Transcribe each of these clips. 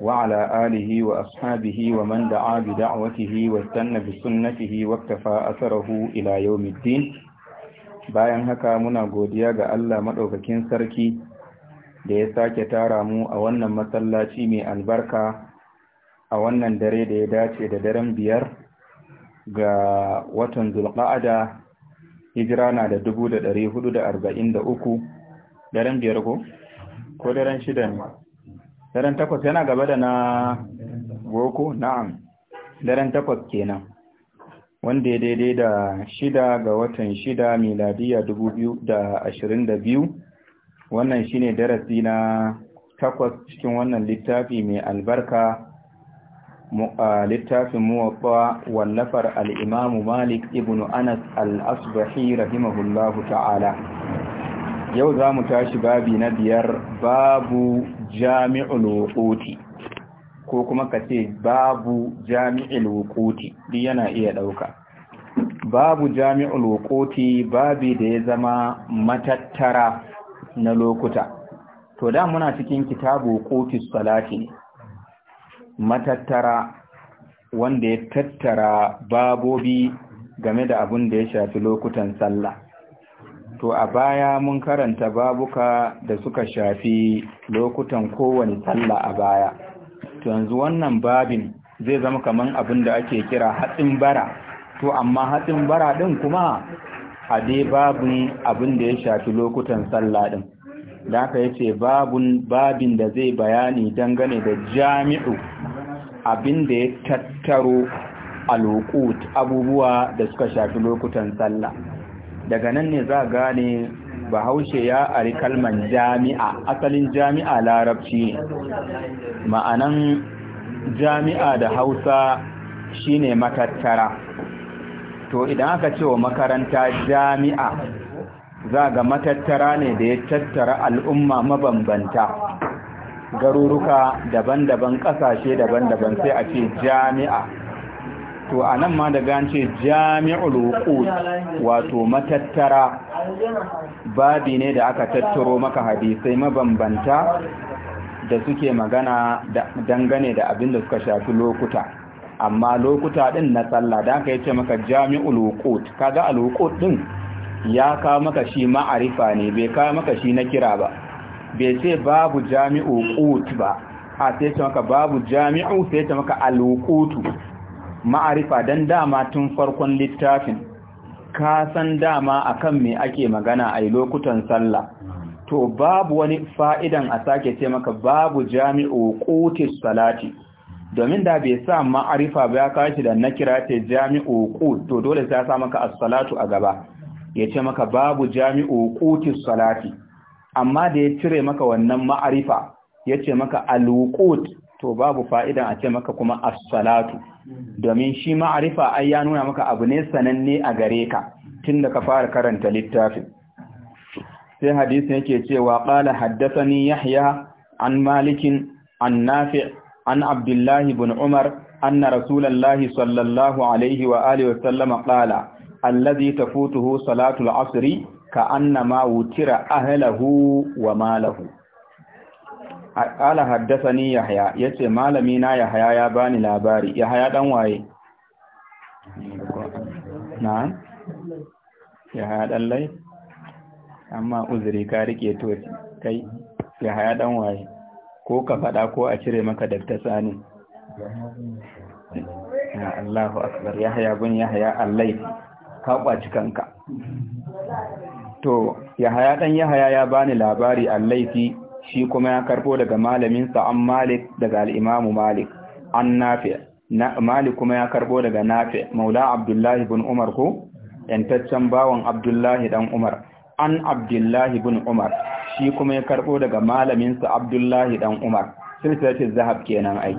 وعلى آله وأصحابه ومن دعا بدعوته واستنى بسنته واكتفى أثره إلى يوم الدين bayan haka muna godiya ga Allah maɗaukakin sarki da ya sake tara mu a wannan masallaci mai albarka a wannan dare da ya dace da daren biyar ga watan zulqa'ada hijira na da dubu da ɗari hudu da arba'in da uku daren biyar ko? ko daren shida ne daren takwas yana gaba da na goko? na'am daren takwas kenan wanda daidai da shida ga watan shida miladiya dubu biyu da ashirin da biyu wannan shine darasi na takwas cikin wannan littafi mai albarka littafin muwaffa wallafar al'imamu malik ibn anas al'asbahi rahimahullahu ta'ala yau za mu tashi babi na biyar babu jami'ul wuquti ko kuma ka ce babu jami'ul wuquti din yana iya dauka babu jami'ul wuquti babi da ya zama matattara na lokuta to da muna cikin kitabu wuquti salati ne matattara wanda ya tattara babobi game da abin da ya shafi lokutan sallah to a baya mun karanta babuka da suka shafi lokutan kowane sallah a baya to yanzu wannan babin zai zama kaman abin da ake kira hatsin bara to amma hatsin bara ɗin kuma a dai babin abin da ya shafi lokutan sallah ɗin, da aka yace babun babin da zai bayani dangane da jami'u abin da ya tattaro alukut abubuwa da suka shafi lokutan sallah daga nan ne za gane bahaushe ya ari kalman jami'a asalin jami'a larabci ma'anan jami'a da hausa shine matattara to idan aka ce wa makaranta jami'a za ga matattara ne da ya tattara al'umma mabambanta garuruka daban-daban ƙasashe daban-daban sai a ce jami'a to a nan ma daga an ce jami'ul wuqud wato matattara babi ne da aka tattaro maka hadisai mabambanta da suke magana da dangane da abin da suka shafi lokuta amma lokuta din na sallah da aka yace maka jami'ul wuqud kaga al wuqud din ya kawo maka shi ma'arifa ne bai kawo maka shi na kira ba bai ce babu jami'u qut ba a sai ce maka babu jami'u sai ce maka al wuqutu ma'arifa don dama tun farkon littafin ka san dama akan me ake magana a lokutan sallah to babu wani fa'idan a sake ce maka babu jami'u qutis salati domin da bai sa ma'arifa ba ya kashi da nakira ce jami'u qut to dole sai ya sa maka as-salatu a gaba ya ce maka babu jami'u qutis salati amma da ya cire maka wannan ma'arifa ya ce maka al-qut to babu fa'idan a ce maka kuma as-salatu domin shi ma'arifa ai ya nuna maka abu ne sananne a gare ka tunda ka fara karanta littafin sai hadisin yake cewa qala ni yahya an malikin an nafi' an abdullahi ibn umar na rasulallah sallallahu alaihi wa alihi wa sallama qala allazi tafutuhu salatul asri ka annama wutira ahlahu wa malahu qala haddathani ya ce malami na Yahaya ya bani labari Yahaya dan waye na'am yahya dan lai amma uzuri ka rike to kai Yahaya dan waye ko ka faɗa ko a cire maka dakta sani ya Allahu akbar Yahaya bin Yahaya allai ka kwaci kanka to yahaya dan yahaya ya bani labari allai fi. shi kuma ya karbo daga malaminsa an malik daga al'imamu malik an nafi malik kuma ya karbo daga nafi maula abdullahi bin umar ko yantaccen bawan abdullahi dan umar an abdullahi bin umar shi kuma ya karbo daga malaminsa abdullahi dan umar silsilatul zahab kenan ai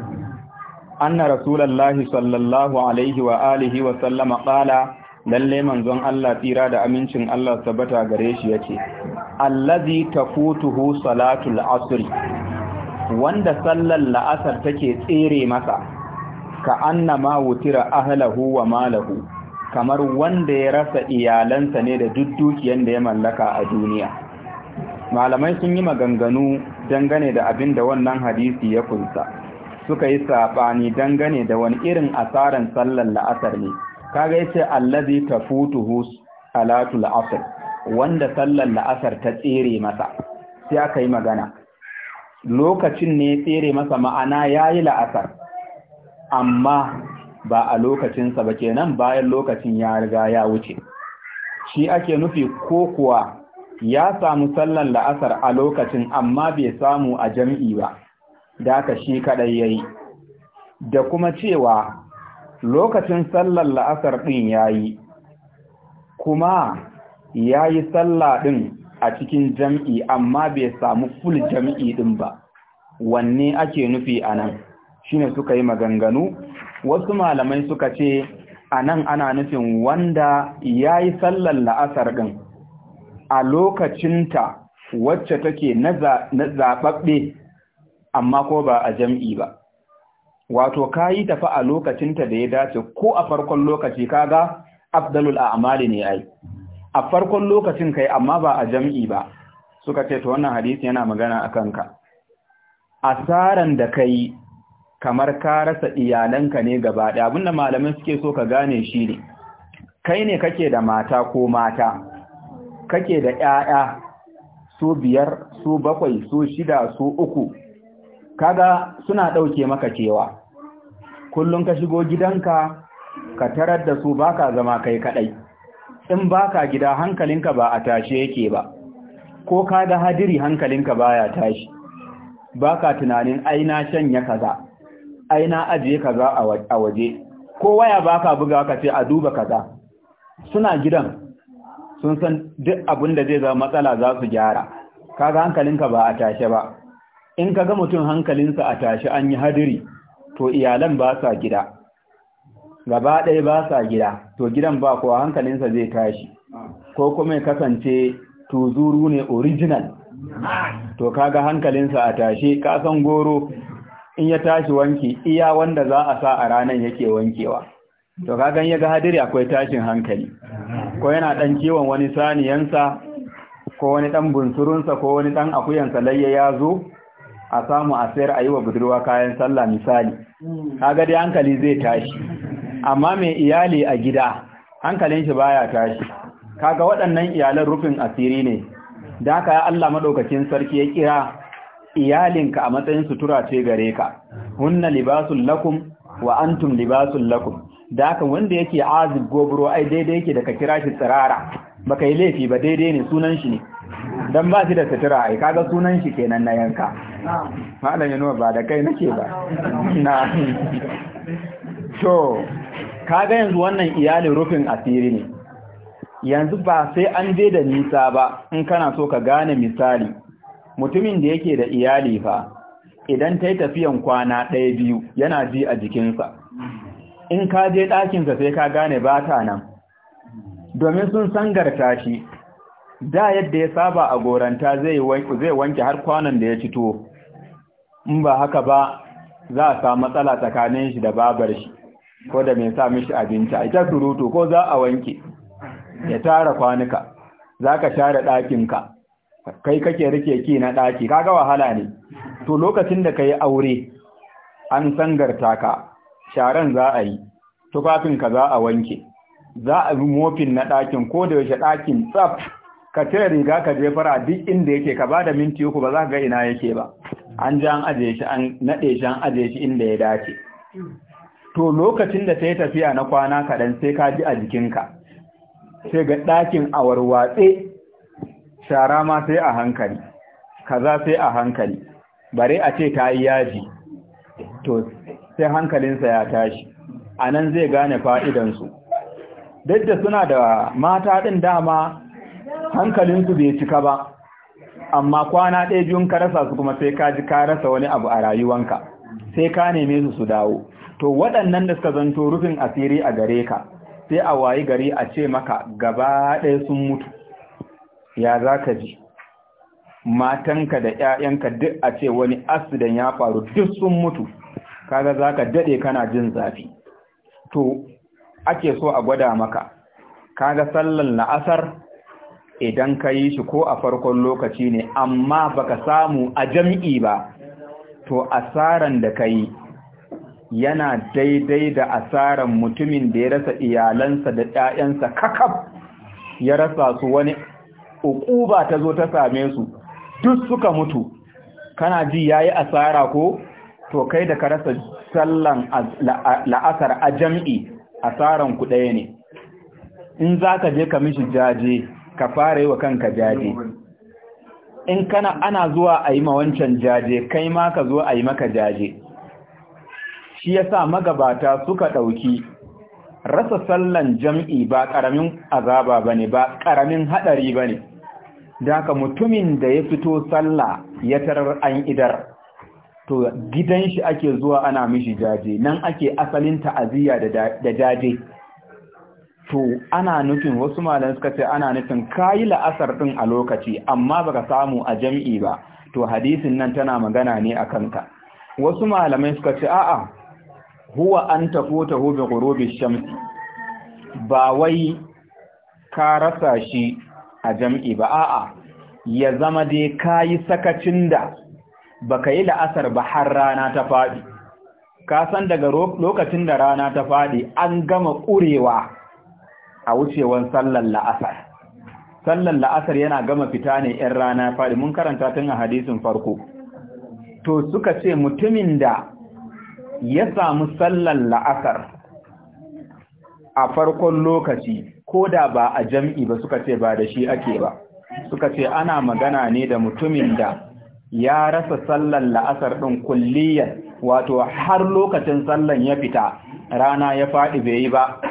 anna rasulullahi sallallahu alaihi wa alihi wa sallama qala lalle manzon Allah tsira da amincin Allah sabata gare shi yake allazi tafutuhu salatul asr wanda sallar la'asar take tsere masa ka annama wutira ahlahu wa malahu kamar wanda ya rasa iyalansa ne da dukkan da ya mallaka a duniya malamai sun yi maganganu dangane da abin da wannan hadisi ya kunsa suka yi saɓani dangane da wani irin asaran sallar la'asar ne kaga yace allazi tafutuhu salatul asr wanda sallar la'asar ta tsere masa sai aka yi magana lokacin ne tsere masa ma'ana yayi la'asar amma ba a lokacinsa ba kenan bayan lokacin ya riga ya wuce shi ake nufi ko kuwa ya samu sallan la'asar a lokacin amma bai samu a jam'i ba da aka shi kadai yayi da kuma cewa lokacin sallar la'asar ɗin ya yi kuma ya yi sallah ɗin a cikin jam'i amma bai samu ful jam'i ɗin ba wanne ake nufi a nan ne suka yi maganganu wasu malamai suka ce a nan ana nufin wanda ya yi sallar la'asar ɗin a lokacinta wacce take na zaɓaɓɓe amma ko ba a jam'i ba wato kayi tafi a lokacinta da ya dace ko a farkon lokaci ka kaga afdalul a'mali ne ai a farkon lokacin kai amma ba a jam'i ba suka ce to wannan hadisi yana magana akan ka asaran da kai kamar ka rasa iyalanka ne gaba ɗaya abinda malamai suke so ka gane shi ne kai ne kake da mata ko mata kake da ƴaƴa su biyar su bakwai su shida su uku kaga suna ɗauke maka cewa kullum ka shigo gidanka ka tarar da su baka zama kai kadai in baka gida hankalinka ba a tashe yake ba ko ka ga hadiri hankalinka baya tashi baka tunanin aina shanya kaza aina ajiye kaza a waje ko waya baka buga ka ce a duba kaza suna gidan sun san duk abin da zai zama matsala za su gyara kaga hankalinka ba a tashe ba in kaga mutum hankalinsa a tashe an yi hadiri to iyalan ba sa gida gaba ɗaya ba sa gida to gidan ba kuwa hankalinsa zai tashi ko kuma ya kasance tuzuru ne original to kaga hankalinsa a tashi kasan goro in ya tashi wanki iya wanda za a sa a ranar yake wankewa to kagan ya ga hadiri akwai tashin hankali ko yana ɗan kiwon wani saniyansa ko wani ɗan bunsurunsa ko wani ɗan akuyansa layya ya zo a samu a sayar a yi wa budurwa kayan sallah misali kaga dai hankali zai tashi amma mai iyali a gida hankalin shi baya tashi kaga waɗannan iyalan rufin asiri ne da haka ya Allah madaukakin sarki ya kira iyalinka a matsayin sutura ce gare ka hunna libasul lakum wa antum libasul lakum da ka wanda yake azib ai daidai yake da ka kira shi tsirara baka yi laifi ba daidai ne sunan shi ne dan ba shi da sutura ai kaga sunan shi kenan na yanka malam nuna ba da kai nake ba na Ka kaga yanzu wannan iyalin rufin asiri ne yanzu ba sai an je da nisa ba in kana so ka gane misali mutumin da yake da iyali fa idan ta yi tafiyan kwana ɗaya biyu yana ji a jikinsa in ka je ɗakinsa sai ka gane ba ta nan domin sun sangarta shi da yadda ya saba a goranta zai wanke har kwanan da ya ci tuwo. in ba haka ba za a samu matsala tsakanin shi da babar shi ko da mai sa mishi abinci a ita surutu ko za a wanke ya tara kwanuka za ka share ɗakinka kai kake rike ki na ɗaki kaga wahala ne to lokacin da ka yi aure an sangarta ka sharan za a yi tufafinka za a wanke za a yi mofin na ɗakin ko da yaushe ɗakin tsaf ka cire riga ka jefar a duk inda yake ka bada minti uku ba za ka ga ina yake ba an ji an ajiye shi an naɗe shi an ajiye shi inda ya dace to lokacin da ta yi tafiya na kwana kaɗan sai ka ji a jikinka sai ga ɗakin a warwatse shara ma sai a hankali kaza sai a hankali bare a ce ta yi yaji to sai hankalinsa ya tashi Anan zai gane fa'idansu duk da suna da mata ɗin dama hankalinsu bai cika ba amma kwana ɗaya biyun ka rasa su kuma sai ka ji ka rasa wani abu a rayuwanka sai ka neme su su dawo to waɗannan da suka zanto rufin asiri a gare ka sai a wayi gari a ce maka gaba ɗaya sun mutu ya za ka ji matanka da 'ya'yanka duk a ce wani asidan ya faru duk sun mutu kaga za ka daɗe kana jin zafi to ake so a gwada maka kaga sallan la'asar idan ka yi shi ko a farkon lokaci ne amma baka samu a jam'i ba to asaran da ka yi yana daidai da asaran mutumin da ya rasa iyalansa da ‘ya'yansa kakaf ya rasa su wani ukuba ta zo ta same su duk suka mutu kana ji ya yi asara ko to kai da ka rasa sallan la'asar a jam'i asaran ku ɗaya ne in za ka je ka mishi jaje ka fara yi wa kanka jaje in kana ana zuwa a yi ma wancan jaje kai ma ka zo a yi maka jaje shi yasa magabata suka ɗauki rasa sallan jam'i ba ƙaramin azaba ba ne ba ƙaramin haɗari ba ne da ka mutumin da ya fito sallah ya tarar an idar to gidan shi ake zuwa ana mishi jaje nan ake asalin ta'aziyya da jaje to ana nufin wasu malamai suka ce ana nufin kayi la'asar din a lokaci amma baka samu a jam'i ba to hadisin nan tana magana ne a kanta. wasu malamai suka ce a'a huwa an tafuta hu bi ghurubi shamsi ba wai ka rasa shi a jam'i ba a'a ya zama dai kayi sakacin da baka yi la'asar ba har rana ta faɗi ka san daga lokacin da rana ta faɗi an gama ƙurewa a wucewan sallan la'asar Sallan la'asar yana gama fita ne 'yan rana faɗi mun karanta tun a hadisin farko to suka ce mutumin da ya samu sallan la'asar a farkon lokaci ko da ba a jam'i ba suka ce ba da shi ake ba suka ce ana magana ne da mutumin da ya rasa sallan la'asar ɗin kulliyar wato har lokacin sallan ya fita rana ya faɗi bai yi ba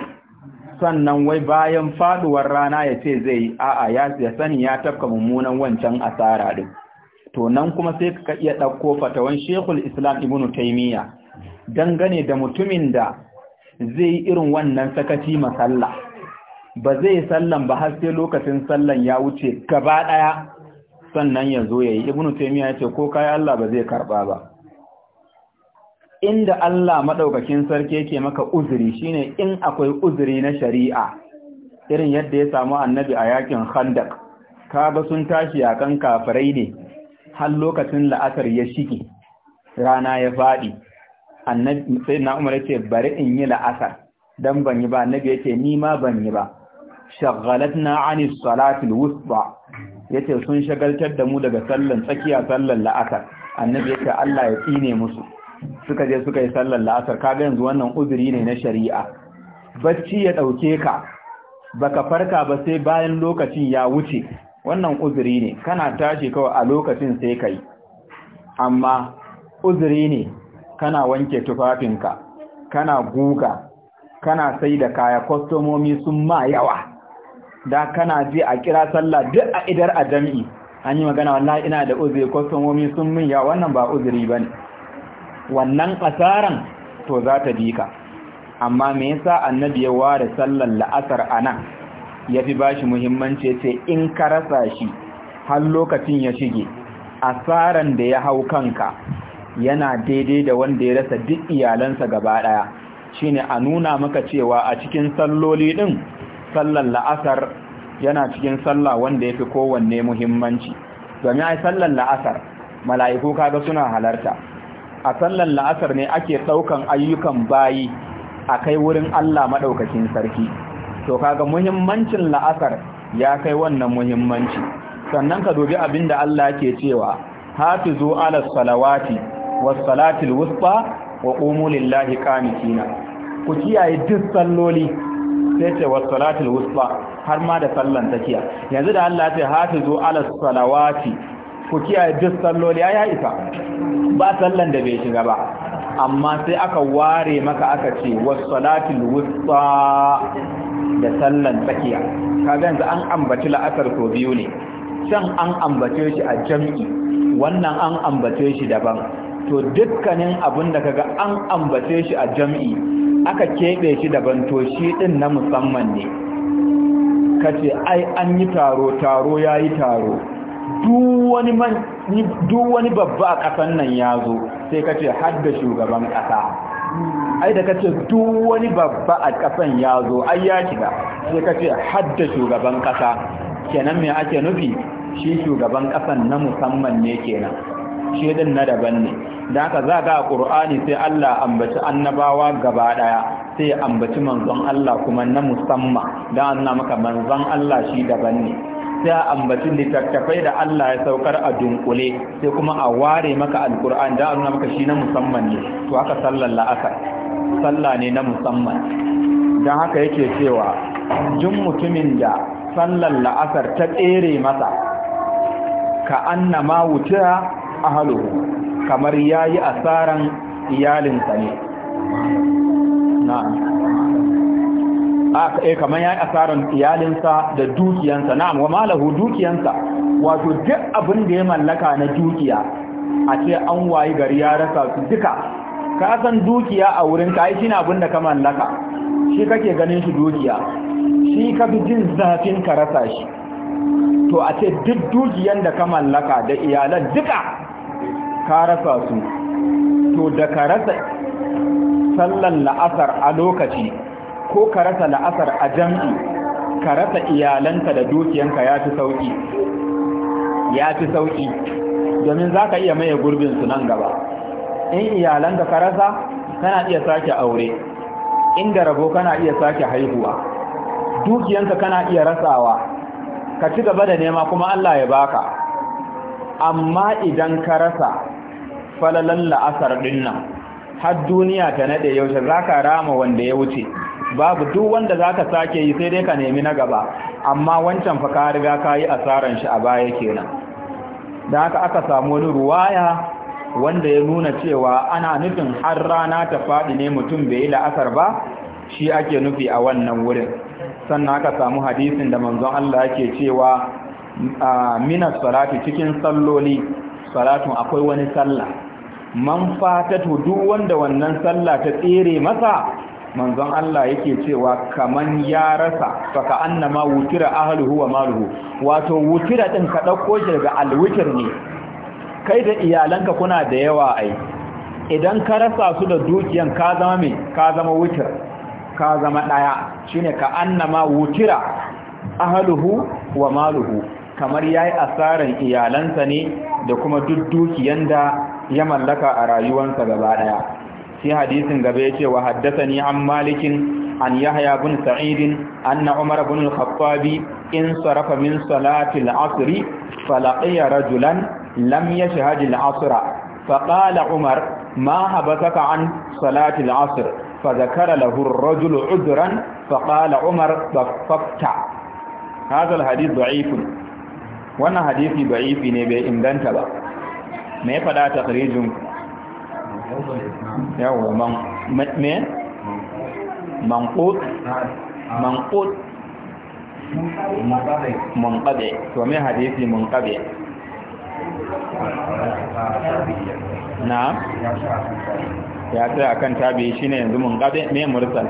sannan wai bayan faduwar rana ya ce zai a'a ya sani ya tafka mummunan wancan asara din to nan kuma sai ka iya ɗauko fatawan shekul islam Ibn taimiyya dangane da mutumin da zai irin wannan sakaci masalla ba zai sallan ba har sai lokacin sallan ya wuce gaba ɗaya sannan ya zo ya yi Ibn taimiyya ya ce ko kayan allah ba zai karɓa ba inda Allah maɗaukakin sarki yake maka uzuri shine in akwai uzuri na shari'a irin yadda ya samu annabi a yakin khandak ka ba sun tashi yakan kafirai ne har lokacin la'asar ya shige rana ya faɗi annabi sai na umar yace bari in yi la'asar dan ban yi ba annabi yace ni ma ban yi ba shaghalatna ani salati alwusta yace sun shagaltar da mu daga sallan tsakiya sallan la'asar annabi yace Allah ya tsine musu suka je suka yi sallar la'asar kaga yanzu wannan uzuri ne na shari'a bacci ya ɗauke ka baka farka ba sai bayan lokacin ya wuce wannan uzuri ne kana tashi kawai a lokacin sai kai amma uzuri ne kana wanke tufafinka kana guga kana sai da kaya kwastomomi sun ma yawa da kana ji a kira sallah duk a idar a jam'i an yi magana wallahi ina da uzuri kwastomomi sun min yawa wannan ba uzuri ba ne wannan asaran to za ta bi ka amma me yasa annabi ya ware sallar la'asar anan yafi bashi muhimmanci yace in ka rasa shi har lokacin ya shige asaran da ya hau kanka yana daidai da wanda ya rasa duk iyalansa gaba daya shine a nuna maka cewa a cikin salloli din sallar la'asar yana cikin sallah wanda yafi kowanne muhimmanci domin ai sallar la'asar mala'iku kaga suna halarta a sallan la'asar ne ake ɗaukan ayyukan bayi a kai wurin Allah maɗaukakin sarki to kaga muhimmancin la'asar ya kai wannan muhimmanci sannan ka dubi abin da Allah ke cewa zo ala salawati wa salatil wusta wa qumu lillahi qanitina ku kiyaye duk salloli sai ce wa salatil har ma da sallan tafiya yanzu da Allah ce hafi zo ala salawati ku kiyaye duk salloli ya isa ba sallan da bai shiga ba amma sai aka ware maka aka ce wassalatul wusta da sallan tsakiya kaga yanzu an ambaci la'asar ko biyu ne can an ambace shi a jam'i wannan an ambace shi daban to dukkanin abin da kaga an ambace shi a jam'i aka keɓe shi daban to shi ɗin na musamman ne kace ai an yi taro taro ya yi taro duk wani babba a ƙasan nan ya zo sai ka ce hadda shugaban ƙasa ai da ka ce duk wani babba a ƙasan ya zo ai ya shiga sai ka ce hadda shugaban ƙasa kenan me ake nufi shi shugaban ƙasan na musamman ne kenan shi din na daban ne da haka za ga a ƙur'ani sai Allah ambaci annabawa gaba ɗaya sai ambaci manzon Allah kuma na musamman don annama maka manzon Allah shi daban ne sai a ambaci littattafai da Allah ya saukar a dunkule sai kuma a ware maka alkur'ani da nuna maka shi na musamman ne to haka sallar la'asar sallah ne na musamman don haka yake cewa jin mutumin da sallar la'asar ta tsere masa ka annama wuta halo kamar ya yayi asaran iyalinsa ne a eh, kamar ya yi asarar iyalinsa da dukiyansa Na wa malahu dukiyansa wato duk abin da ya mallaka na dukiya a ce an wayi gari ya rasa su duka ka san dukiya a wurin ka yi shi abin da ka mallaka shi kake ganin shi dukiya shi ka bi jin zafin ka rasa shi to a ce duk dukiyan da ka mallaka da iyalan duka ka rasa su to da ka rasa sallan la'asar a lokaci ko ka rasa la'asar a jam'i ka rasa iyalanka da dukiyanka ya fi sauƙi ya fi sauƙi domin za ka iya maye gurbinsu nan gaba in iyalanka ka rasa kana iya sake aure inda rabo kana iya sake haihuwa dukiyanka kana iya rasawa ka ci gaba da nema kuma Allah ya baka amma idan ka rasa falalan la'asar dinnan har duniya ta naɗe yaushe za ka rama wanda ya wuce babu duk wanda za ka sake yi sai dai ka nemi na gaba amma wancan fa ka riga ka yi asaran shi a baya kenan da haka aka samu wani ruwaya wanda ya nuna cewa ana nufin har rana ta faɗi ne mutum bai yi la'asar ba shi ake nufi a wannan wurin sannan aka samu hadisin da manzon Allah yake cewa mina salati cikin salloli salatun akwai wani sallah man fatatu duk wanda wannan sallah ta tsere masa manzon Allah yake cewa kaman ya rasa fa ka annama wutira ahluhu wa maluhu wato wutira din ka dauko daga alwitir ne kai da iyalanka kuna da yawa ai idan ka rasa su da dukiyan ka zama me ka zama wutir ka zama daya shine ka annama wutira ahluhu wa maluhu kamar yayi asaran iyalansa ne da kuma duk dukiyan da ya mallaka a rayuwarsa gaba daya في حديث غبيت وحدثني عن مالك عن يحيى بن سعيد أن عمر بن الخطاب انصرف من صلاة العصر فلقي رجلا لم يشهد العصر فقال عمر ما حبسك عن صلاة العصر فذكر له الرجل عذرا فقال عمر فافتع هذا الحديث ضعيف وانا حديث ضعيف نبي اندنت با ما يفدا تخريجكم yawo man me manqut manqut munqabe to me hadisi munqabe na ya tsaya akan tabi shine yanzu munqabe me mursal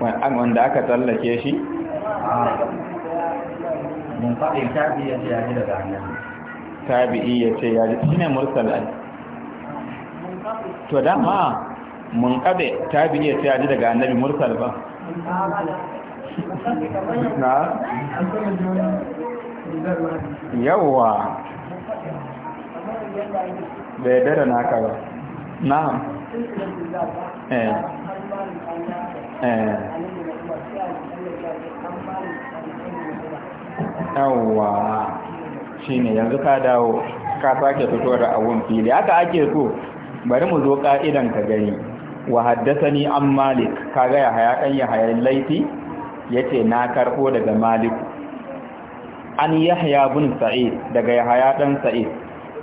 wanda aka tsallake shi munqabe tabi ya ji daga annabi tabi'i ya ce ya ji shi ne mursal ai to dama mun kabe tabi'i ya ce ya ji daga annabi mursal ba Yawa. yawwa bai ba na eh eh ne yanzu ka dawo ka sake fito da abun fili haka ake so bari mu zo ka'idan ka gani wa ni an malik kaga gaya haya dan ya hayar laifi yace na karbo daga malik an yi haya bin sa'id daga ya haya dan sa'id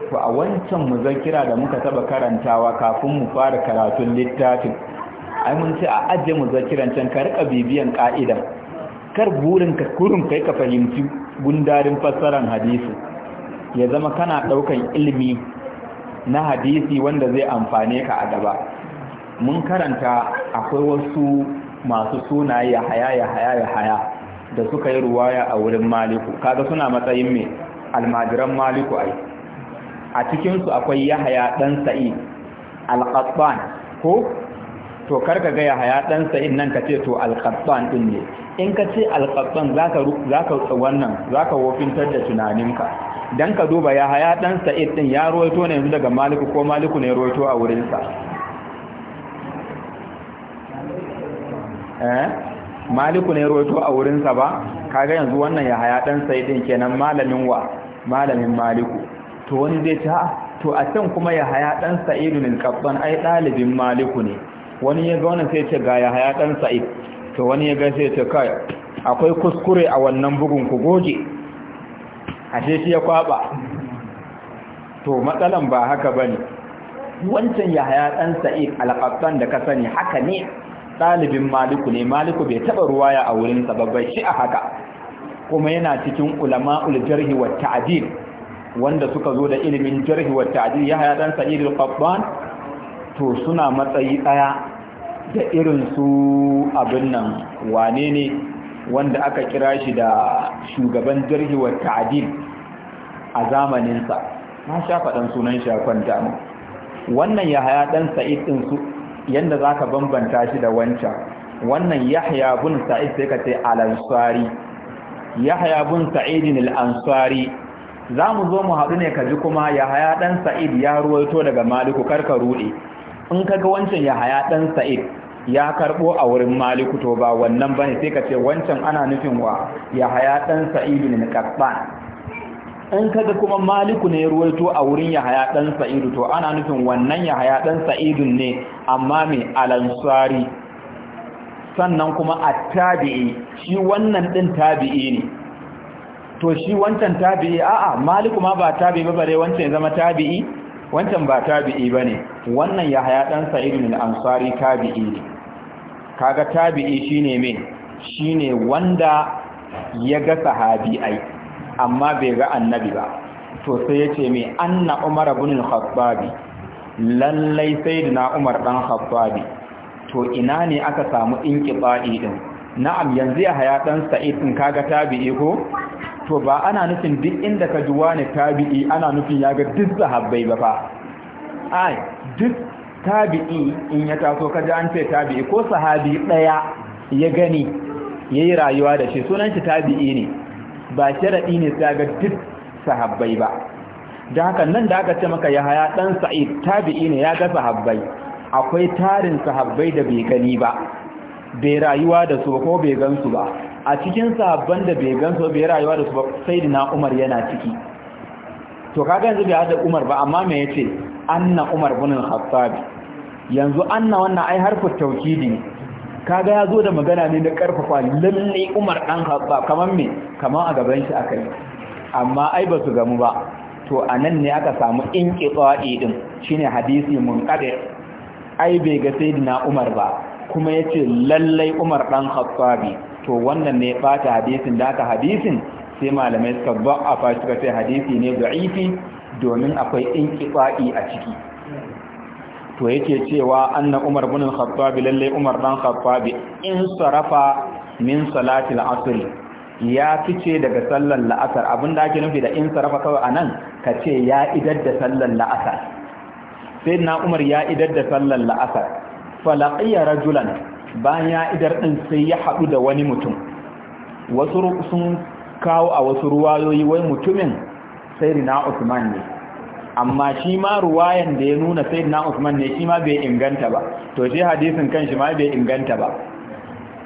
to a wancan mu kira da muka taɓa karantawa kafin mu fara karatun littafin ai mun ce a ajiye muzakiran can ka rika bibiyan ka'idan kar burin ka kai ka fahimci gundarin fassaran hadisi ya zama kana ɗaukan ilimi na hadisi wanda zai amfane ka a gaba mun karanta akwai wasu masu suna ya haya ya haya ya haya da suka yi ruwaya a wurin maliku kaga suna matsayin mai almajiran maliku ai a cikinsu akwai yahaya ɗan sa'i alƙasban ko to karka ga yahaya ɗan sa'in nan ka ce to alƙasban ɗin ne in ka ce alƙaɓɓen za ka wannan za ka wofintar da tunaninka don ka duba ya haya ɗan sa'id ɗin ya roito ne yanzu daga maliku ko maliku ne roito a wurinsa eh maliku ne roito a wurinsa ba kaga yanzu wannan ya haya ɗan sa'id ɗin kenan malamin wa malamin maliku to wani zai ci ha to a can kuma ya haya ɗan sa'idun alƙaɓɓan ai ɗalibin maliku ne wani ya ga wannan sai ce ga ya haya ɗan sa'id to wani ya gaisa ce kai akwai kuskure a wannan bugun ku goge ashe shi ya kwaba to matsalan ba haka bane wancan yahaya dan sa'id al da ka sani haka ne ɗalibin maliku ne maliku bai taɓa ruwaya a wurin sababbai shi a haka kuma yana cikin ulama'ul uljarhi wa ta'dil wanda suka zo da ilimin jarhi wa ta'dil ya haya dan sa'id to suna matsayi daya da irin su abin nan wane ne wanda aka kira shi da shugaban jirgiwar ta'adil a zamaninsa na sha faɗan sunan shafan damu wannan ya haya ɗan sa'id ɗin su yadda za ka bambanta shi da wancan wannan yahya bin sa'id sai ka ce al'ansari yahya bin sa'idin al'ansari za mu zo mu haɗu ne ka ji kuma yahaya ɗan sa'id ya ruwaito daga maliku karka ruɗe in ka ga wancan ya haya ɗan sa'id ya karbo a wurin maliku to ba wannan bane sai ka ce wancan ana nufin wa ya haya ɗan sa'idu ne kasban in ka ga kuma maliku ne to a wurin ya haya ɗan sa'idu to ana nufin wannan ya haya ɗan sa'id ne amma mai alansari sannan kuma a tabi'i shi wannan ɗin tabi'i ne to shi wancan tabi'i a'a maliku ma ba tabi'i ba bare wancan ya zama tabi'i wancan ba tabi'i bane wannan yahaya dan sa'id bin ansari tabi'i ne kaga tabi'i shine me shine wanda ya ga sahabi ai amma bai ga annabi ba to sai yace me anna umar ibn al-khattab lallai na umar dan khattab to ina ne aka samu inqibai din na'am yanzu yahaya dan sa'id din kaga tabi'i ko to ba ana nufin duk inda ka ji wani tabi'i ana nufin ya ga duk sahabbai ba fa ai duk tabi'i in ya taso ka ji an ce tabi'i ko sahabi daya ya gani yayi rayuwa da shi sunan shi tabi'i ne ba sharadi ne sai ga duk sahabbai ba da haka nan da aka ce maka Yahaya dan Sa'id tabi'i ne ya ga sahabbai akwai tarin sahabbai da bai gani ba bai rayuwa da su ko bai gansu ba a cikin sahabban da bai gansu bai rayuwa da su ba sayyidina Umar yana ciki to kaga yanzu bai hada Umar ba amma me yace anna Umar bin al-Khattab yanzu anna wannan ai harfin tawkidi kaga ya zo da magana ne na karfafa lalle Umar dan Khattab kaman me kaman a gaban shi akai amma ai ba su gamu ba to anan ne aka samu inqita'i din shine hadisi munqadi ai bai ga sayyidina Umar ba kuma yace lallai Umar dan Khattabi to wannan ne bata hadisin da aka hadisin sai malamai suka ba'afa suka ce hadisi ne da'ifi domin akwai inqita'i a ciki to yake cewa anna umar bin al-khattab lalle umar dan khattab in sarafa min al asr ya fice daga sallar la'asar abinda ake nufi da in sarafa kawai anan kace ya idar da sallar la'asar sayyidina umar ya idar da sallar la'asar falaqiya rajulan bayan ya idar ɗin sai ya haɗu da wani mutum wasu sun kawo a wasu ruwayoyi wai mutumin sai rina Usman ne amma shi ma ruwayan da ya nuna sai rina Usman ne shi ma bai inganta ba to shi hadisin kan shi ma bai inganta ba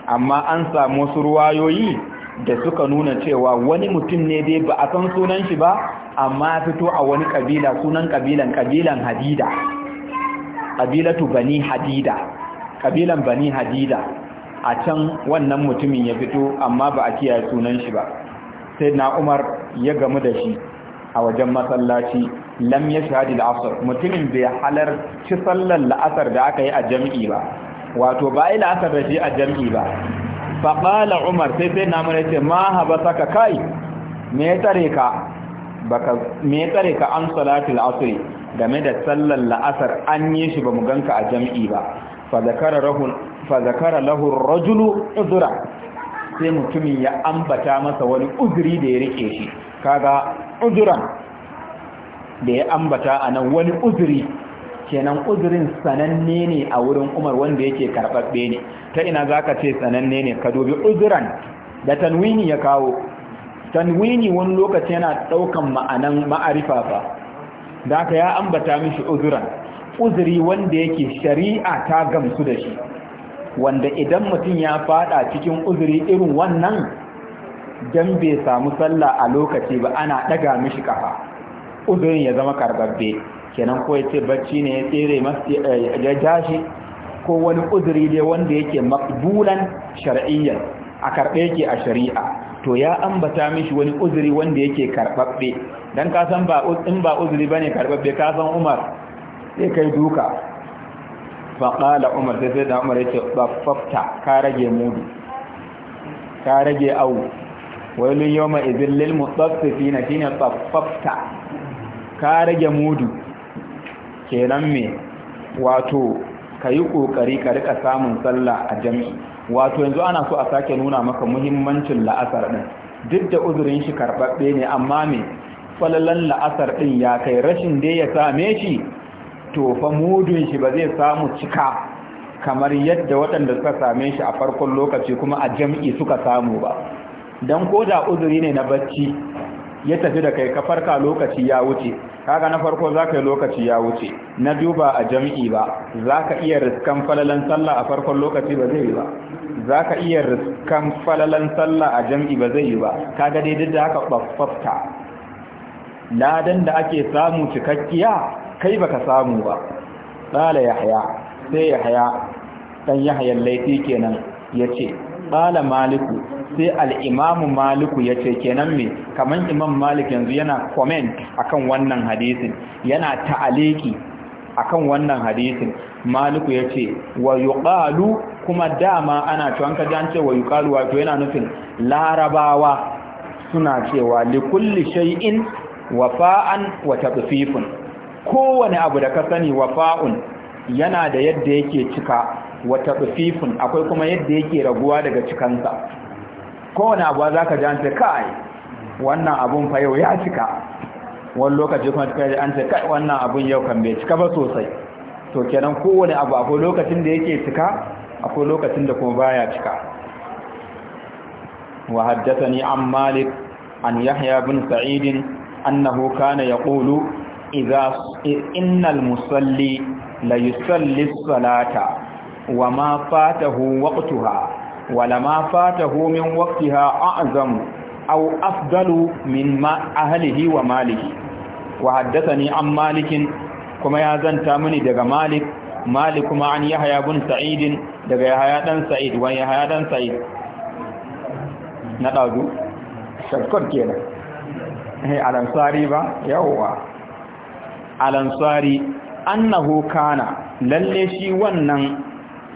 amma an samu wasu ruwayoyi da suka nuna cewa wani mutum ne dai ba a san sunan shi ba amma fito a wani kabila sunan kabilan kabilan hadida kabilatu bani hadida kabilan bani hadida a can wannan mutumin ya fito amma ba a kiyaye sunan shi ba sai na umar ya gamu da shi a wajen masallaci lam ya shahadi la'asar mutumin bai halarci sallar la'asar da aka yi a jam'i ba wato ba yi la'asar da shi a jam'i ba faƙala umar sai sai namun ya ce ma haɓa saka kai me ya tsare ka an salatul la'asar game da sallar la'asar an yi shi ba mu ganka a jam'i ba fazakara lahun rajulu uzura sai mutumin ya ambata masa wani uzuri da ya rike shi kaga uzuran da ya ambata a nan wani uzuri kenan uzurin sananne ne a wurin umar wanda yake karɓaɓɓe ne ta ina za ka ce sananne ne ka dubi uzuran da tanwini ya kawo tanwini wani lokaci yana ɗaukan ma'anan ma'arifa ba da ya ambata mishi uzuran uzuri wanda yake shari'a ta gamsu da shi wanda idan mutum ya fada cikin uzuri irin wannan dan bai samu sallah a lokaci ba ana daga mishi kafa uzurin ya zama karbabbe kenan ko ya ce bacci ne ya tsere eh, ya jashi ko wani uzuri dai wanda yake makbulan shar'iyyan a karɓe yake a shari'a to ya ambata mishi wani uzuri wanda yake dan ka kasan ba in ba uzuri bane ka kasan umar sai kai duka faƙala umar sai sai da umar yace, ce ka rage mudu ka rage awu wailun yau mai lil mutsaffifi na shine ka rage mudu kenan me wato ka yi ƙoƙari ka rika samun sallah a jami'i wato yanzu ana so a sake nuna maka muhimmancin la'asar ɗin duk da uzurin shi karɓaɓɓe ne amma me falalan la'asar ɗin ya kai rashin dai ya same shi to fa mudun shi ba zai samu cika kamar yadda waɗanda suka same shi a farkon lokaci kuma a jam'i suka samu ba don ko da uzuri ne na bacci ya tafi da kai ka farka lokaci ya wuce kaga na farko za ka yi lokaci ya wuce na biyu a jam'i ba za ka iya riskan falalan sallah a farkon lokaci ba zai yi ba za ka iya riskan falalan sallah a jam'i ba zai yi ba kaga dai duk da haka ɓaffafta ladan da ake samu cikakkiya kai baka samu ba qala yahya sai yahya dan yahya laifi kenan yace qala maliku sai al imam maliku yace kenan me kaman imam malik yanzu yana comment akan wannan hadisin yana ta'aliki akan wannan hadisin maliku yace wa yuqalu kuma dama ana to an kaji an ce wa yuqalu wato yana nufin larabawa suna cewa li kulli shay'in wafa'an wa tadfifun kowane abu da ka sani wafa'un yana da yadda yake cika wata tsufifin akwai kuma yadda yake raguwa daga cikansa kowane abu za ka ji an kai wannan abun fa yau ya cika wani lokaci kuma cika ji an ce kai wannan abun yau kan bai cika ba sosai to kenan kowane abu akwai lokacin da yake cika akwai lokacin da kuma baya cika wa ni an malik an yahya bin Sa'idin, annahu kana yaqulu innal musalli la yusalli salata wa ma fatahu waqtaha wa la ma fatahu min waqtiha a'zamu Au afdalu min ma ahlihi wa malihi wa ni an malikin kuma ya zanta mini daga malik malik kuma an yahya bin sa'id daga yahya dan sa'id wa yahya dan sa'id na ba al-ansari annahu kana lalle shi wannan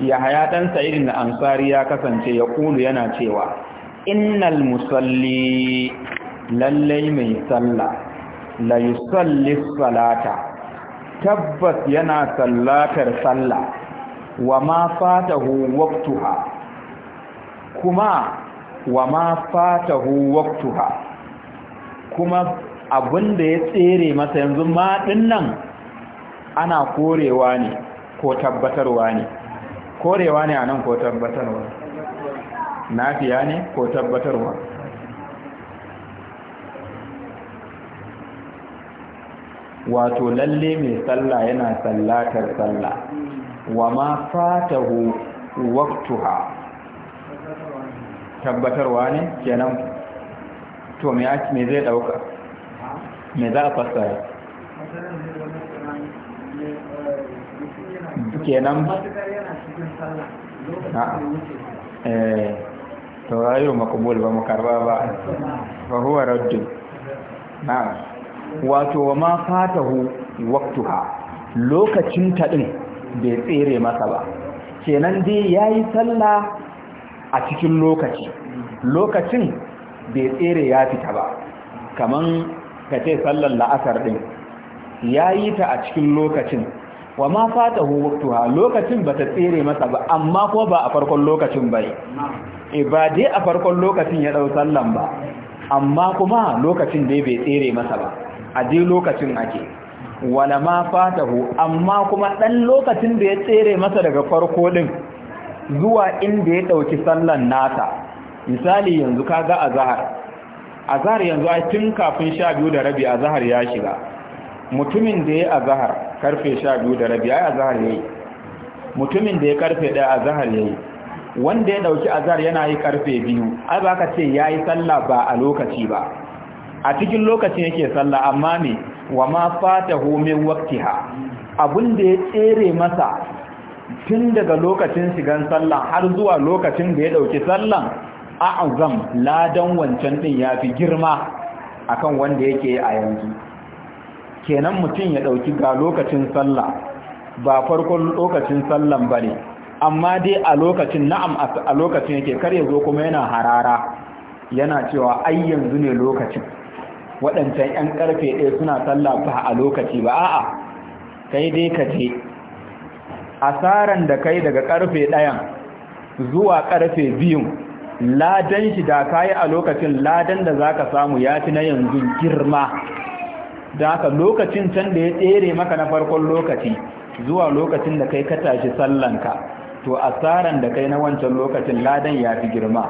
yahaya ɗan sa'id da ansari ya kasance ya kulu yana cewa innal musalli lalle mai sallah la salata tabbas yana salatar sallah wa ma fatahu waqtuha kuma wa ma fatahu waqtuha kuma abin da ya tsere masa yanzu ma nan ana korewa ne ko tabbatarwa ne korewa ne a nan ko tabbatarwa nafiya ne ko tabbatarwa wato lalle mai sallah yana sallatar sallah wa ma fatahu waqtuha tabbatarwa ne kenan to me zai dauka me za a fassara kenan ah. eh, rayu makabul ba makarba ba fa huwa raddu na wato wa ma fatahu waqtuha lokacin ta din bai tsere masa ba kenan dai yayi sallah a cikin lokaci lokacin bai tsere ya fita ba kaman ka ce sallar la'asar ɗin ya yi ta a cikin lokacin wa ma fata ha lokacin ba ta tsere masa ba amma ko ba a farkon lokacin bai e eh, ba dai a farkon lokacin ya ɗau sallan ba amma kuma lokacin dai bai tsere masa ba a dai lokacin ake wala ma hu? amma kuma ɗan lokacin da ya tsere masa daga farko ɗin zuwa inda ya ɗauki sallan nata misali yanzu ga a zahar azhar yanzu ai tun kafin sha biyu da rabi azhar ya shiga mutumin da ya azhar karfe sha biyu da rabi ai azhar yayi mutumin da ya karfe ɗaya azhar yayi wanda ya dauki azhar yana yi karfe biyu ai ba ka ce yayi sallah ba a lokaci ba a cikin lokacin yake sallah amma me wa ma fatahu min waqtiha abun da ya tsere masa tun daga lokacin shigan sallah har zuwa lokacin da ya dauki sallah. a'azam ladan wancan din yafi girma akan wanda yake a yanzu kenan mutum ya dauki ga lokacin sallah ba farkon lokacin sallan bane amma dai a lokacin na'am a lokacin yake kar ya zo kuma yana harara yana cewa ai yanzu ne lokacin waɗancan 'yan ƙarfe ɗaya suna tallafa a lokaci ba a'a kai dai ka ce asaran da kai daga ƙarfe ɗayan zuwa ƙarfe biyun ladan shi da kayi a lokacin ladan da zaka samu ya fi na yanzu girma da haka lokacin can da ya tsere maka na farkon lokaci zuwa lokacin da kai ka tashi sallanka to asaran da kai na wancan lokacin ladan ya fi girma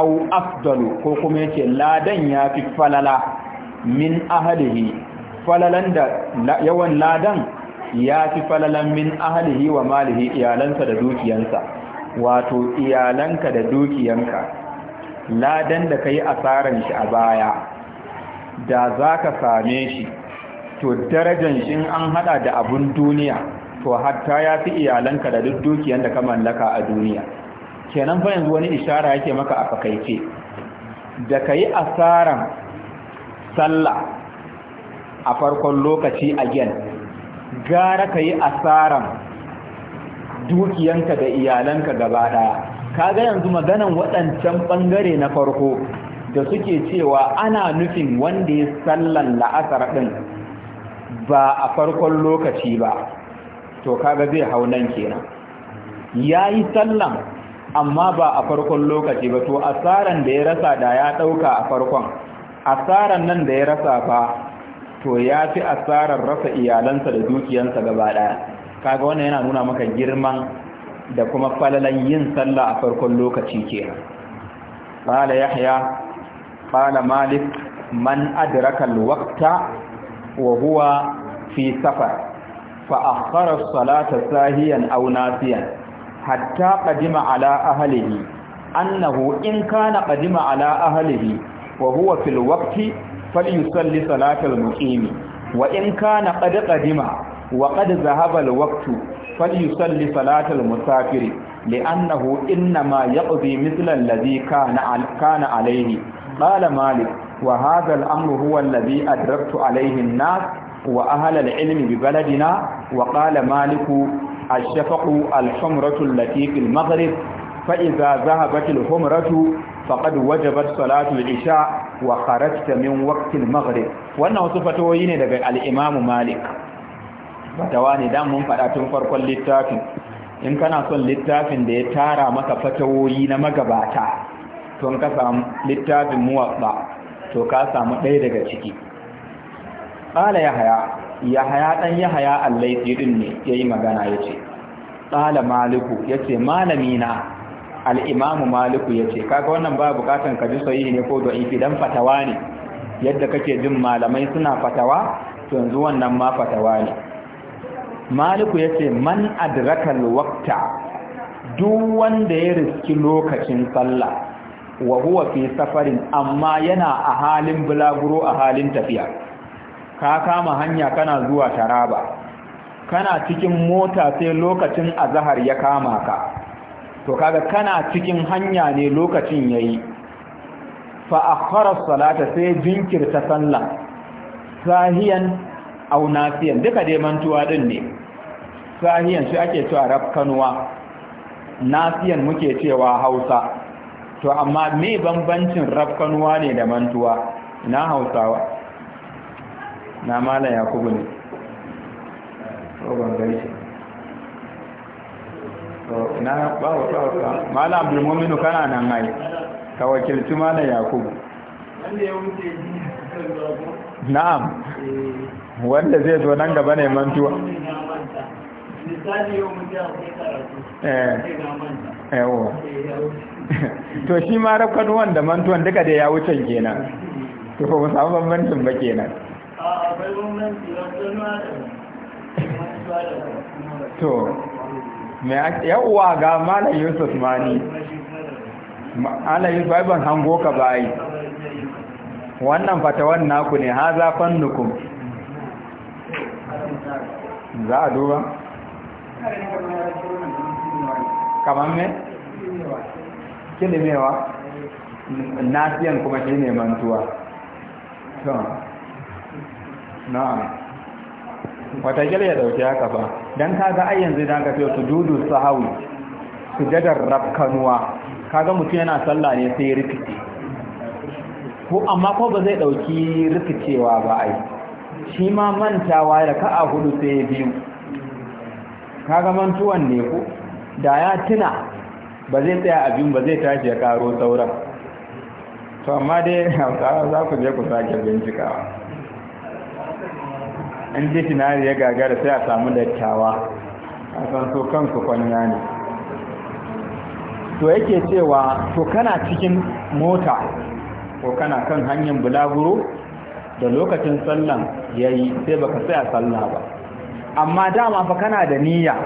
au afdalu ko kuma yace ladan ya fi falala min ahlihi falalan da yawan ladan ya fi falalan min ahlihi wa malihi iyalansa da dukiyansa wato iyalanka da dukiyanka ladan da ka yi asaran shi a baya da zaka same shi to darajan shi an hada da abun duniya to hatta ya fi iyalanka da duk dukiyan da ka mallaka a duniya kenan fa yanzu wani ishara yake maka a fakaice da ka asaran sallah a farkon lokaci a again gara ka asaran dukiyanka da iyalanka gaba ɗaya ga yanzu maganan waɗancan ɓangare na farko da suke cewa ana nufin wanda ya sallan la'asar ɗin ba a farkon lokaci ba to kaga zai hau nan kenan ya yi sallan amma ba a farkon lokaci ba to asaran da ya rasa da ya ɗauka a farkon asaran nan da ya rasa fa to ya fi asarar rasa iyalansa da dukiyansa gaba ɗaya kaga wannan yana nuna maka girman da kuma falalan yin sallah a farkon lokaci kenan qala yahya qala malik man adraka alwaqta wa huwa fi safar fa akhara as-salata sahiyan aw nasiyan hatta qadima ala ahlihi annahu in kana qadima ala ahlihi wa huwa fil waqti falyusalli salatal muqimi wa in kana qad qadima wa qad zahaba al-waqtu falyusalli salatal musafir li'annahu innama yaqdi mithla alladhi kana kana alayhi qala malik wa hadha al-amru huwa alladhi adraktu alayhi an-nas wa ahla ilmi bi baladina wa qala malik الشفق الحمرة التي في المغرب فإذا ذهبت الحمرة فقد وجبت صلاة العشاء وخرجت من وقت المغرب وأنه صفته al الإمام malik fatawa ne dan mun faɗa tun farkon littafin in kana son littafin da ya tara maka fatawoyi na magabata to in ka samu littafin muwatsa to ka samu ɗaya daga ciki ƙala yahaya yahaya ɗan yahaya allai ɗin ne ya yi magana ya ce ƙala maliku ya ce malamina al'imamu maliku ya ce kaga wannan ba bukatan ka ji sahihi ne ko da'ifi dan fatawa ne yadda kake jin malamai suna fatawa to yanzu wannan ma fatawa ne maliku ya ce man adrakal wakta duk wanda ya riski lokacin sallah wa huwa fi safarin amma yana a halin bulaguro a halin tafiya ka kama hanya kana zuwa taraba kana cikin mota sai lokacin azahar ya kama ka to kaga kana cikin hanya ne lokacin yayi fa akhara salata sai jinkirta sallah sahiyan aw duka dai mantuwa din ne sahiyan shi ake cewa rafkanuwa nasiyan muke cewa hausa to amma me bambancin rafkanuwa ne da mantuwa na hausawa na mala yakubu ne na ba wa tsawata mala abdulmominu kana nan mai ka wakilci mala yakubu na'am eh. wanda zai zo nan gaba ne mantuwa Eh. Eh, to shi ma rakwaduwan da mantuwan duka da ya wuce kenan to ba mu samu bambancin ba kenan To me ya rakwaduwa ga malam yusuf mani malam yusuf ban hango ka wannan fata wannan fatawan naku ne ha za fannukum za a duba kamar me? kilimewa nasiyan kuma shi ne mantuwa na'am watakila ya dauke haka ba don kaga ai yanzu da aka fiye sujudu su jadar rafkanuwa kaga mutum yana sallah ne sai rikici ko amma ko ba zai dauki rikicewa ba ai shi ma mantawa da ka'a hudu sai biyu kaga mantuwan ne ko da ya tuna ba zai tsaya abin ba zai tashi ya karo sauran to amma dai hausawa za ku je ku sake bincikawa in ji tunani ya gagara sai a samu dattawa a san so kanku kwanya ne to yake cewa to kana cikin mota ko kana kan hanyar bulaguro da lokacin sallan ya yi sai baka saya sallah ba amma dama fa kana da niyya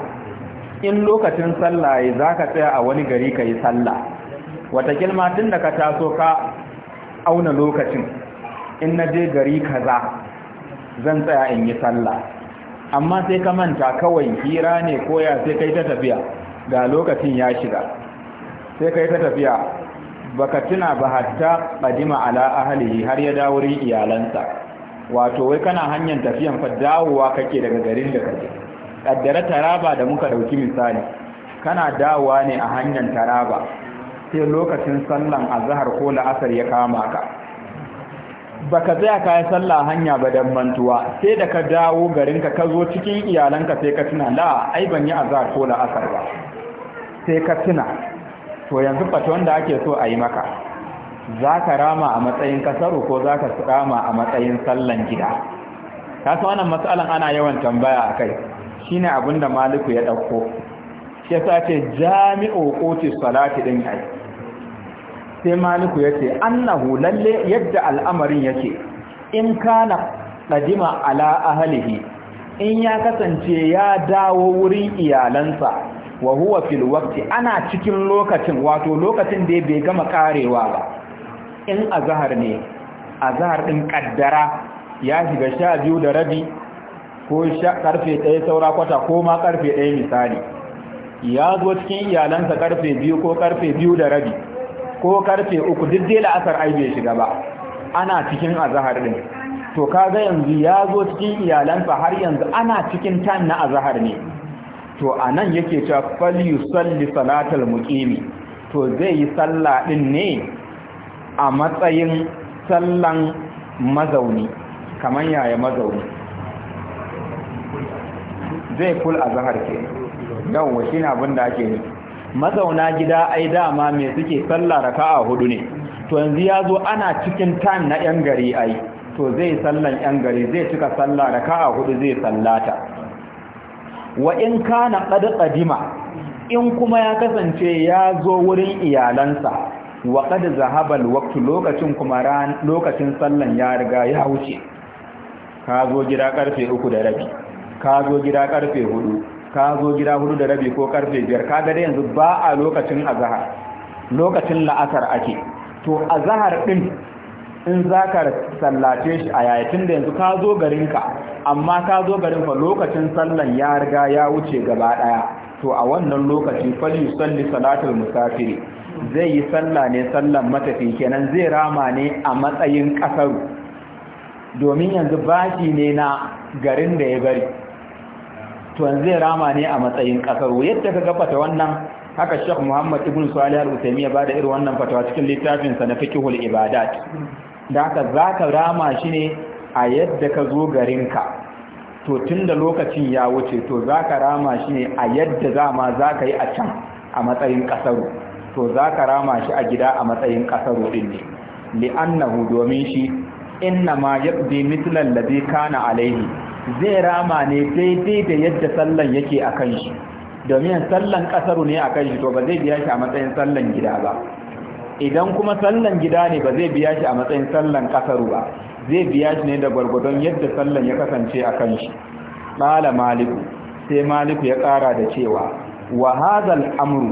in lokacin sallah ya zaka tsaya a wani gari ka yi sallah wata kilma tun da ka taso ka auna lokacin in na je gari kaza zan tsaya in yi sallah amma sai ka manta kawai hira ne koya sai kai ta tafiya ga lokacin ya shiga sai kai ta tafiya baka tuna ba hatta badima ala ahlihi har ya dawo wurin iyalansa wato wai kana hanyar tafiyan fa dawowa kake daga garin da kake kaddara taraba da muka dauki misali kana dawowa ne a hanyar taraba sai lokacin sallan azhar ko la'asar ya kama ka baka tsaya ka yi sallah hanya ba dan mantuwa sai da ka dawo garin ka ka zo cikin iyalanka sai ka tuna la ai ban yi azhar ko la'asar ba sai ka tuna to yanzu fata wanda ake so a yi maka za ka rama a matsayin kasaru ko za ka rama a matsayin sallan gida kasu wannan matsalan ana yawan tambaya a kai shi ne abinda maliku ya ɗauko shi ya ce jami'o kotu salati ɗin yi. sai maliku ya ce annahu lalle yadda al'amarin yake in kana ɗadima ala ahalihi in ya kasance ya dawo wurin iyalansa wa huwa fil ana cikin lokacin wato lokacin da ya bai gama ƙarewa ba in azahar ne azahar ɗin ƙaddara ya shiga sha biyu da rabi ko karfe ɗaya saura kwata ko ma karfe ɗaya misali ya zo cikin iyalansa karfe biyu ko karfe biyu da rabi ko karfe uku duk dai la'asar ai bai shiga ba ana cikin azahar ɗin to kaga yanzu ya zo cikin iyalansa har yanzu ana cikin tan na azahar ne to a nan yake cewa fal yusalli salatal muqimi to zai yi sallah din ne a matsayin sallan mazauni kamar yaya mazauni zai kul a zahar ke yawon shi na abin da ake ne mazauna gida ai dama mai suke sallah raka'a hudu ne to yanzu ya zo ana cikin tan na yan gari ai to zai sallan yan gari zai cika sallah raka'a hudu zai sallata wa in kana qad qadima in kuma ya kasance ya zo wurin iyalansa wa qad zahabal alwaqtu lokacin kuma ran lokacin sallan ya riga ya wuce ka zo gida karfe 3 da rabi ka zo gida karfe 4 ka zo gida 4 da rabi ko karfe 5 ka ga yanzu ba a lokacin azhar lokacin la'asar ake to azhar din in za ka sallace shi a yayin da yanzu ka zo garinka amma ka zo garin fa lokacin sallan ya riga ya wuce gaba daya to a wannan lokaci fali salli salatul musafiri zai yi salla ne sallan matafi kenan zai rama ne a matsayin kasaru domin yanzu baki ne na garin da ya bari to zai rama ne a matsayin kasaru yadda ka gafata wannan haka Sheikh Muhammad Ibn Salih Al-Uthaymeen ya bada irin wannan fatawa cikin littafinsa na Fiqhul Ibadat da haka za ka rama shi ne a yadda ka zo garinka to tun da lokacin ya wuce to za ka rama shi ne a yadda za ma za ka yi a can a matsayin ƙasaro to za ka rama shi a gida a matsayin ƙasaro ɗin ne li'annahu domin shi inna ma yabdi mislan zai kana alaihi zai rama ne daidai da yadda sallan yake kan shi domin sallan ƙasaro ne kan shi to ba zai biya shi a matsayin sallan gida ba idan kuma sallan gida ne ba zai biya shi a matsayin sallan kasaru ba zai biya shi ne da gwargwadon yadda sallan ya kasance a kan shi ƙala maliku sai maliku ya ƙara da cewa wa hazal amru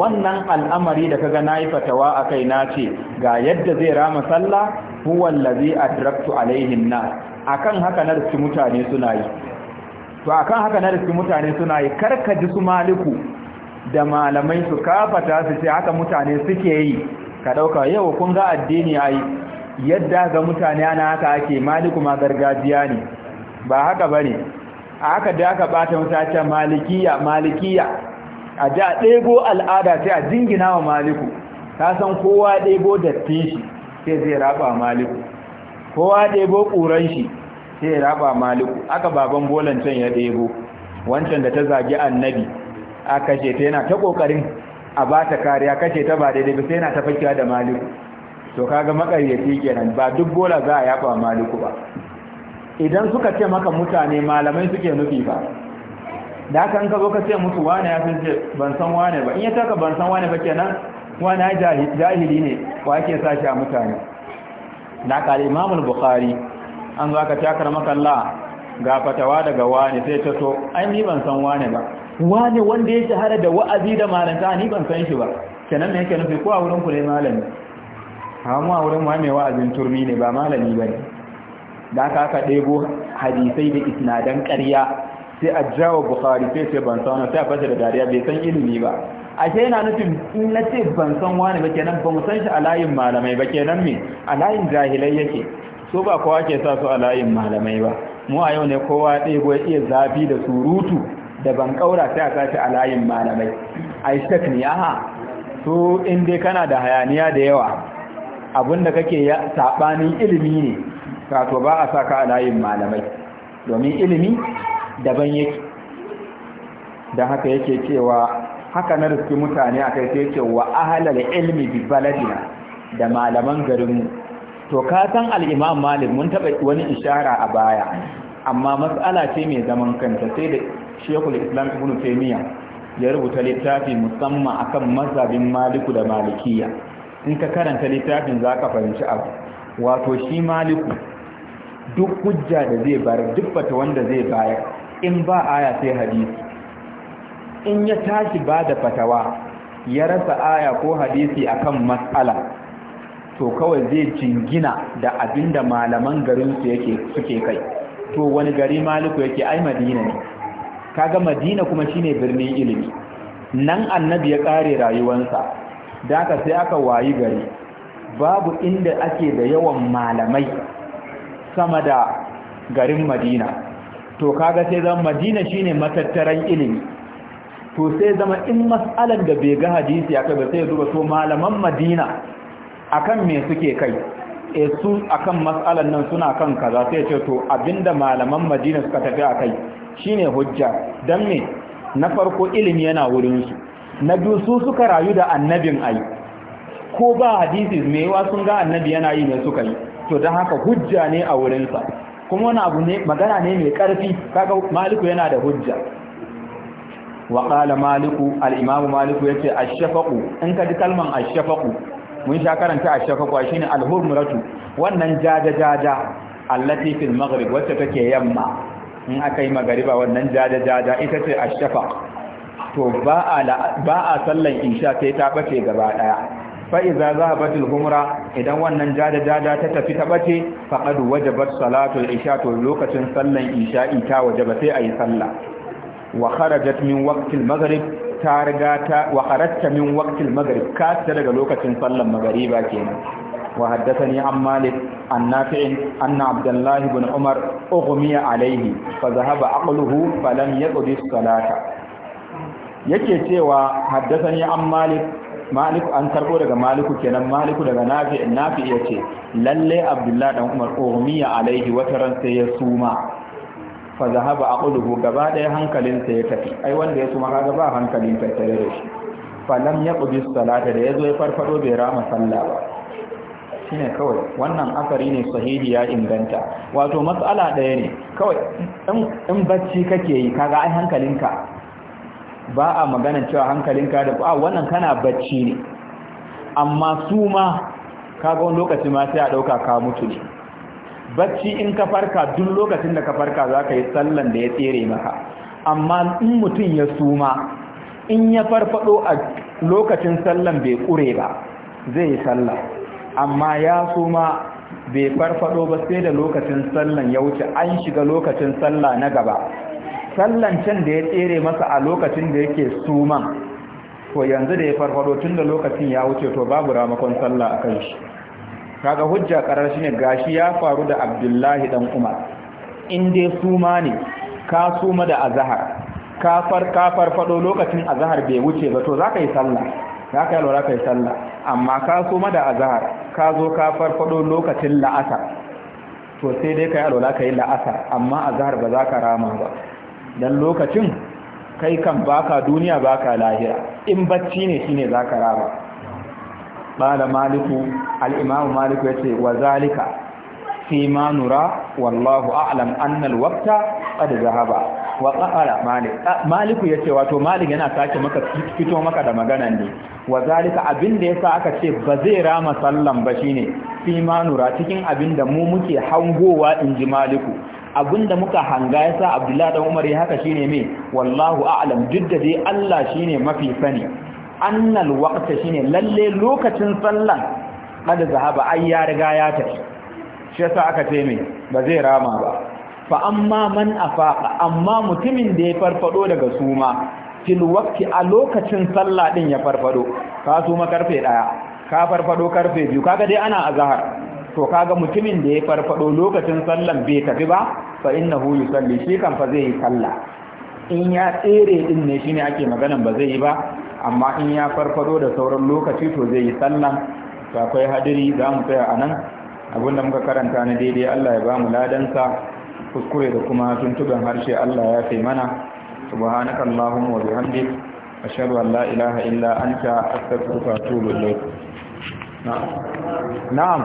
wannan al'amari da kaga nayi fatawa akai na ce ga yadda zai rama sallah huwa allazi adraktu alaihin nas akan haka na riski mutane suna yi to akan haka na riski mutane suna yi karka ji su maliku da malamai su kafata su ce haka mutane suke yi ka ɗauka yau kun ga addini a yadda ga mutane ana haka ake maliku ma gargajiya ne ba haka ba ne a haka da aka bata mutacen malikiya malikiya a ji a ɗebo al'ada sai a jingina wa maliku ta san kowa ɗebo dattin shi sai zai raba maliku kowa ɗebo ƙuran shi sai raba maliku aka baban bolan can ya ɗebo wancan da ta zagi annabi aka ce ta yana ta ƙoƙarin a ba ta kariya kashe ta ba daidai ba sai yana ta fakiya da maliku to kaga makaryaci kenan ba duk bola za a yaba maliku ba idan suka ce maka mutane malamai suke nufi ba da kan ka zo ka ce musu wane ya fi ce ban san wane ba in ya taka ban san wane ba kenan wane ya jahili ne wa ake sa shi a mutane Na kare imamul bukhari an zo aka takar maka Allah ga fatawa daga wane sai ta to ai ni ban san wane ba wani wanda ya shahara da wa'azi da malanta ni ban san shi ba kenan me yake nufi ko a wurin ku ne malami amma a wurin ma mai wa'azin turmi ne ba malami bane da aka aka ɗebo hadisai da isnadan ƙarya sai a jawo bukhari sai ce ban san sai a fasa da dariya bai san ilimi ba ashe yana nufin in na ce ban san wani ba kenan ba mu san shi a layin malamai ba kenan me a layin jahilai yake so ba kowa ke sa su a layin malamai ba mu a yau ne kowa ɗebo ya iya zafi da surutu da ban kaura sai a sashi a layin malamai a yi takniyaha su inda kana da hayaniya da yawa abinda kake saɓanin ilimi ne kato ba a saka a layin malamai domin ilimi daban yake da haka yake cewa haka na riski mutane a kai sai ce wa ahalar ilmi bi baladina da malaman garinmu to ka san al'imam malik mun taɓa wani ishara a baya amma matsala ce mai zaman kanta sai da shekul islam ibn taymiya ya rubuta littafi musamman akan mazhabin maliku da malikiya in ka karanta littafin za ka fahimci abu wato shi maliku duk hujja da zai bar duk bata wanda zai bayar in ba aya sai hadisi in ya tashi ba da fatawa ya rasa aya ko hadisi akan matsala to kawai zai jingina da abinda malaman garinsu yake suke kai to wani gari maliku yake ai madina ne kaga madina kuma shine birnin ilimi nan annabi ya kare rayuwarsa da ka sai aka wayi gari babu inda ake da yawan malamai sama da garin madina to kaga sai zama madina shine matattaran ilimi to sai zama in mas'alan da bai ga hadisi aka ba sai zuba to malaman madina akan me suke kai e su akan mas'alan nan suna kan kaza sai ce to abinda malaman madina suka tafi akai Shi ne hujja don me na farko ilimi yana wurinsu? na dusu suka rayu da annabin ai ko ba hadisi mai yawa sun ga annabi yana yi ne suka yi to don haka hujja ne a wurinsa, kuma wani abu ne magana ne mai karfi kaga maliku yana da hujja wa kala maliku Al'imamu maliku maliku ce a shafaku in ka ji kalman a shafaku mun sha karanta shafaku A shine al-hurmuratu wannan jaja jaja allati maghrib wacce take yamma in aka yi magariba wannan jaja-jaja ita ce ashafa to ba a sallan insha sai ta bace gaba daya fa'iza za a batul humra idan wannan jaja-jaja ta tafi ta bace faɗaɗu wajabar salatul isha to lokacin sallan ita ta wajaba sai a yi salla wa min waqtil maghrib ta riga ta ka ta daga lokacin sallan magariba kenan wa ne an malik عن أن عبد الله بن عمر أغمي عليه فذهب عقله فلم يقضي الصلاة yake cewa haddasani an malik malik an karbo daga maliku kenan maliku daga nafi nafi yace lalle abdullahi dan umar umiya alaihi wata ran sai ya suma fa zahaba aqluhu gaba daya hankalin sa ya tafi ai wanda ya suma kaga ba hankalin tattare da shi fa lam yaqdi salata da yazo ya farfado bai rama sallah ba ne kawai wannan asari ne sahihi ya inganta wato matsala ɗaya ne kawai in bacci kake yi kaga ai hankalinka ba a maganar cewa hankalinka da a wannan kana bacci ne amma su ma kaga wani lokaci ma sai a ɗauka ka mutu ne bacci in ka farka duk lokacin da ka farka za ka yi sallan da ya tsere maka amma in mutum ya suma in ya farfado a lokacin sallan bai kure ba zai yi sallah amma ya suma bai farfado ba sai da lokacin sallan ya wuce an shiga lokacin sallah na gaba sallan can da ya tsere masa a lokacin da yake suman to yanzu da ya farfado tun da lokacin ya wuce to babu ramakon sallah a kan shi kaga hujja karar shi ne gashi ya faru da abdullahi dan umar in dai suma ne ka suma da azahar far ka farfado lokacin azahar bai wuce ba to zaka yi sallah zaka yi lura kai sallah amma ka suma da azahar ka zo ka farfado lokacin la'asar to sai dai ka yi alwala ka yi la'asar amma a zahar ba za ka rama ba don lokacin kai kan baka duniya baka lahira in bacci ne shine za ka rama bala maliku al'imamu maliku ya ce wa zalika fi ma nura wallahu a'lam annal wakta qad zahaba wa qara malik ah, maliku yace wato malik yana sake maka fito maka da magana ne wa zalika abin da yasa aka ce ba zai rama sallan ba shine fi manura cikin abin da mu muke hangowa inji maliku da muka hanga yasa abdullahi dan umar ya haka shine me wallahu a'lam duk da dai Allah shine mafi sani annal waqta shine lalle lokacin sallan kada zahaba ai ya riga ya tafi shi yasa aka ce me ba zai rama ba fa amma man afaqa amma mutumin da ya farfado daga suma fil waqti a lokacin sallah din ya farfado ka suma karfe 1 ka farfado karfe biyu, kaga dai ana azhar to kaga mutumin da ya farfado lokacin sallan bai tafi ba fa innahu yusalli shi kan fa zai yi sallah in ya tsere din ne shine ake maganan ba zai yi ba amma in ya farfado da sauran lokaci to zai yi sallan to akwai hadiri za mu tsaya anan, nan abinda muka karanta na daidai Allah ya ba mu ladansa kuskure da kuma tuntuban harshe Allah ya fi mana subhanakallahu allahumma wa bihamdik ashhadu an la ilaha illa anta astaghfiruka wa atubu ilayk na'am na'am